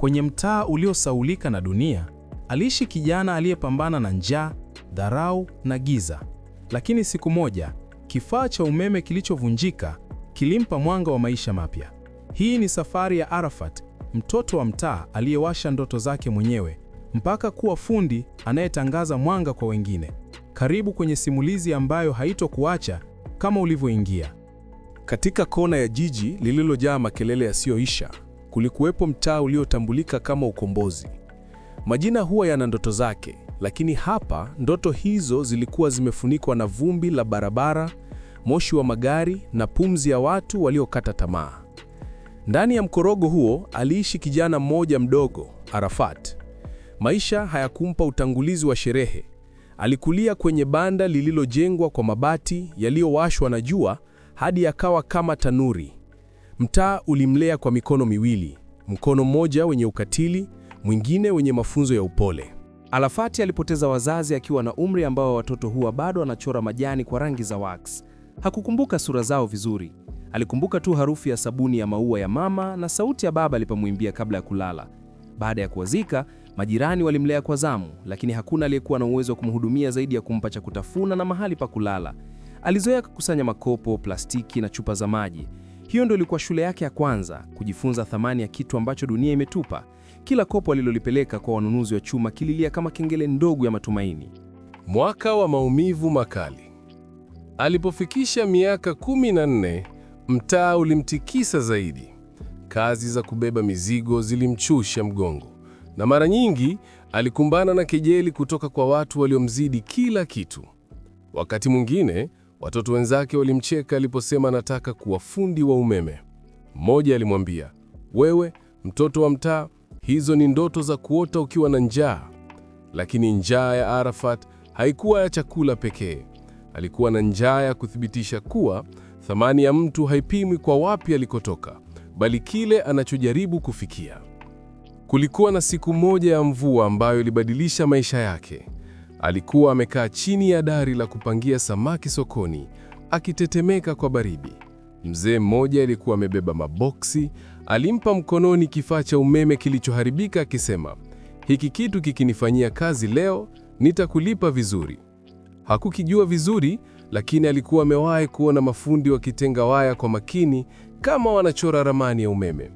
Kwenye mtaa uliosaulika na dunia, aliishi kijana aliyepambana na njaa, dharau na giza. Lakini siku moja, kifaa cha umeme kilichovunjika kilimpa mwanga wa maisha mapya. Hii ni safari ya Arafat, mtoto wa mtaa aliyewasha ndoto zake mwenyewe mpaka kuwa fundi anayetangaza mwanga kwa wengine. Karibu kwenye simulizi ambayo haitokuacha kama ulivyoingia. Katika kona ya jiji lililojaa makelele yasiyoisha, kulikuwepo mtaa uliotambulika kama Ukombozi. Majina huwa yana ndoto zake, lakini hapa ndoto hizo zilikuwa zimefunikwa na vumbi la barabara, moshi wa magari na pumzi ya watu waliokata tamaa. Ndani ya mkorogo huo aliishi kijana mmoja mdogo, Arafat. Maisha hayakumpa utangulizi wa sherehe. Alikulia kwenye banda lililojengwa kwa mabati yaliyowashwa na jua hadi yakawa kama tanuri. Mtaa ulimlea kwa mikono miwili, mkono mmoja wenye ukatili, mwingine wenye mafunzo ya upole. Alafati alipoteza wazazi akiwa na umri ambao watoto huwa bado anachora majani kwa rangi za wax. Hakukumbuka sura zao vizuri, alikumbuka tu harufu ya sabuni ya maua ya mama na sauti ya baba alipomwimbia kabla ya kulala. Baada ya kuwazika, majirani walimlea kwa zamu, lakini hakuna aliyekuwa na uwezo wa kumhudumia zaidi ya kumpa cha kutafuna na mahali pa kulala. Alizoea kukusanya makopo, plastiki na chupa za maji. Hiyo ndio ilikuwa shule yake ya kwanza, kujifunza thamani ya kitu ambacho dunia imetupa. Kila kopo alilolipeleka kwa wanunuzi wa chuma kililia kama kengele ndogo ya matumaini. Mwaka wa maumivu makali. Alipofikisha miaka nne, mtaa ulimtikisa zaidi. Kazi za kubeba mizigo zilimchusha mgongo, na mara nyingi alikumbana na kejeli kutoka kwa watu waliomzidi kila kitu. Wakati mwingine Watoto wenzake walimcheka aliposema anataka kuwa fundi wa umeme. Mmoja alimwambia, wewe mtoto wa mtaa, hizo ni ndoto za kuota ukiwa na njaa. Lakini njaa ya Arafat haikuwa ya chakula pekee. Alikuwa na njaa ya kuthibitisha kuwa thamani ya mtu haipimwi kwa wapi alikotoka, bali kile anachojaribu kufikia. Kulikuwa na siku moja ya mvua ambayo ilibadilisha maisha yake. Alikuwa amekaa chini ya dari la kupangia samaki sokoni, akitetemeka kwa baridi. Mzee mmoja alikuwa amebeba maboksi, alimpa mkononi kifaa cha umeme kilichoharibika akisema, hiki kitu kikinifanyia kazi leo nitakulipa vizuri. Hakukijua vizuri, lakini alikuwa amewahi kuona mafundi wakitenga waya kwa makini kama wanachora ramani ya umeme.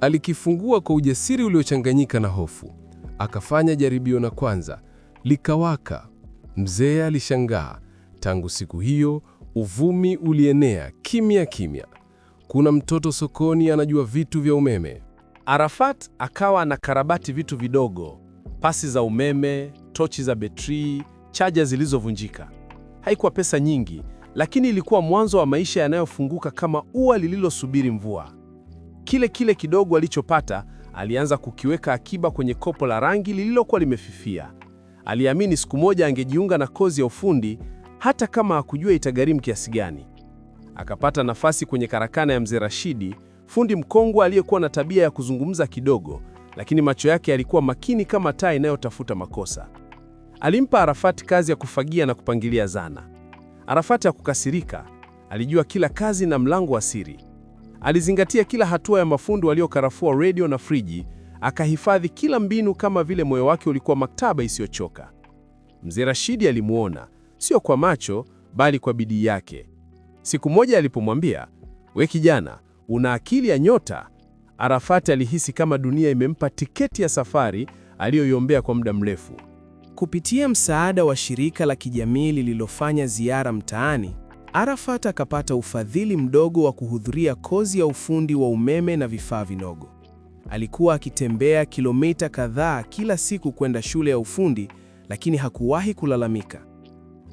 Alikifungua kwa ujasiri uliochanganyika na hofu, akafanya jaribio la kwanza likawaka. Mzee alishangaa. Tangu siku hiyo uvumi ulienea kimya kimya. Kuna mtoto sokoni anajua vitu vya umeme. Arafat akawa anakarabati vitu vidogo, pasi za umeme, tochi za betri, chaja zilizovunjika. Haikuwa pesa nyingi, lakini ilikuwa mwanzo wa maisha yanayofunguka kama ua lililosubiri mvua. Kile kile kidogo alichopata alianza kukiweka akiba kwenye kopo la rangi lililokuwa limefifia. Aliamini siku moja angejiunga na kozi ya ufundi hata kama hakujua itagharimu kiasi gani. Akapata nafasi kwenye karakana ya mzee Rashidi, fundi mkongwe aliyekuwa na tabia ya kuzungumza kidogo, lakini macho yake yalikuwa makini kama taa inayotafuta makosa. Alimpa Arafati kazi ya kufagia na kupangilia zana. Arafati hakukasirika, alijua kila kazi na mlango wa siri. Alizingatia kila hatua ya mafundi waliokarafua redio na friji akahifadhi kila mbinu kama vile moyo wake ulikuwa maktaba isiyochoka. Mzee Rashidi alimwona sio kwa macho, bali kwa bidii yake. Siku moja alipomwambia, we kijana, una akili ya nyota, Arafati alihisi kama dunia imempa tiketi ya safari aliyoiombea kwa muda mrefu. Kupitia msaada wa shirika la kijamii lililofanya ziara mtaani, Arafat akapata ufadhili mdogo wa kuhudhuria kozi ya ufundi wa umeme na vifaa vinogo. Alikuwa akitembea kilomita kadhaa kila siku kwenda shule ya ufundi, lakini hakuwahi kulalamika.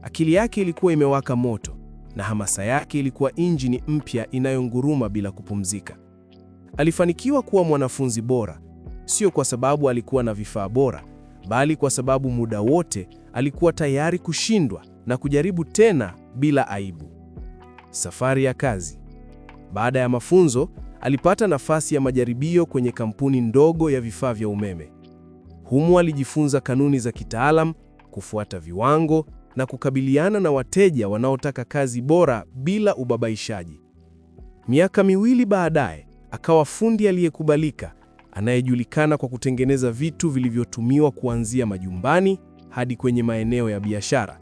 Akili yake ilikuwa imewaka moto na hamasa yake ilikuwa injini mpya inayonguruma bila kupumzika. Alifanikiwa kuwa mwanafunzi bora, sio kwa sababu alikuwa na vifaa bora, bali kwa sababu muda wote alikuwa tayari kushindwa na kujaribu tena bila aibu. Safari ya kazi. Baada ya mafunzo, Alipata nafasi ya majaribio kwenye kampuni ndogo ya vifaa vya umeme. Humu alijifunza kanuni za kitaalam, kufuata viwango na kukabiliana na wateja wanaotaka kazi bora bila ubabaishaji. Miaka miwili baadaye, akawa fundi aliyekubalika, anayejulikana kwa kutengeneza vitu vilivyotumiwa kuanzia majumbani hadi kwenye maeneo ya biashara.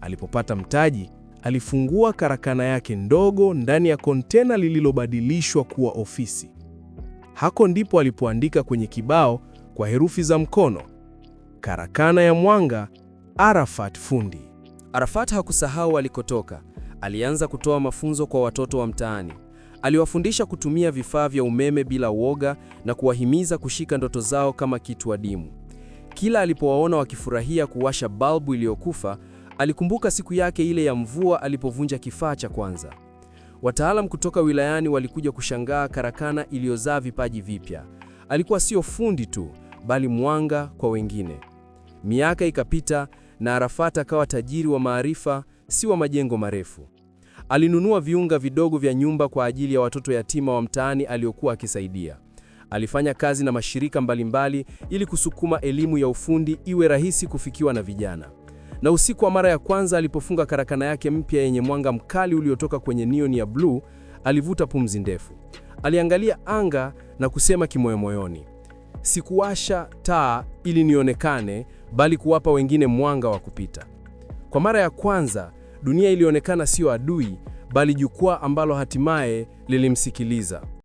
Alipopata mtaji, alifungua karakana yake ndogo ndani ya kontena lililobadilishwa kuwa ofisi. Hako ndipo alipoandika kwenye kibao kwa herufi za mkono, karakana ya mwanga, Arafat Fundi. Arafat hakusahau alikotoka. Alianza kutoa mafunzo kwa watoto wa mtaani. Aliwafundisha kutumia vifaa vya umeme bila woga na kuwahimiza kushika ndoto zao kama kitu adimu. Kila alipowaona wakifurahia kuwasha balbu iliyokufa, Alikumbuka siku yake ile ya mvua alipovunja kifaa cha kwanza. Wataalam kutoka wilayani walikuja kushangaa karakana iliyozaa vipaji vipya. Alikuwa sio fundi tu, bali mwanga kwa wengine. Miaka ikapita na Arafat akawa tajiri wa maarifa, si wa majengo marefu. Alinunua viunga vidogo vya nyumba kwa ajili ya watoto yatima wa mtaani aliokuwa akisaidia. Alifanya kazi na mashirika mbalimbali ili kusukuma elimu ya ufundi iwe rahisi kufikiwa na vijana. Na usiku wa mara ya kwanza alipofunga karakana yake mpya yenye mwanga mkali uliotoka kwenye neon ya bluu, alivuta pumzi ndefu. Aliangalia anga na kusema kimoyomoyoni, sikuwasha taa ili nionekane, bali kuwapa wengine mwanga wa kupita. Kwa mara ya kwanza dunia ilionekana sio adui, bali jukwaa ambalo hatimaye lilimsikiliza.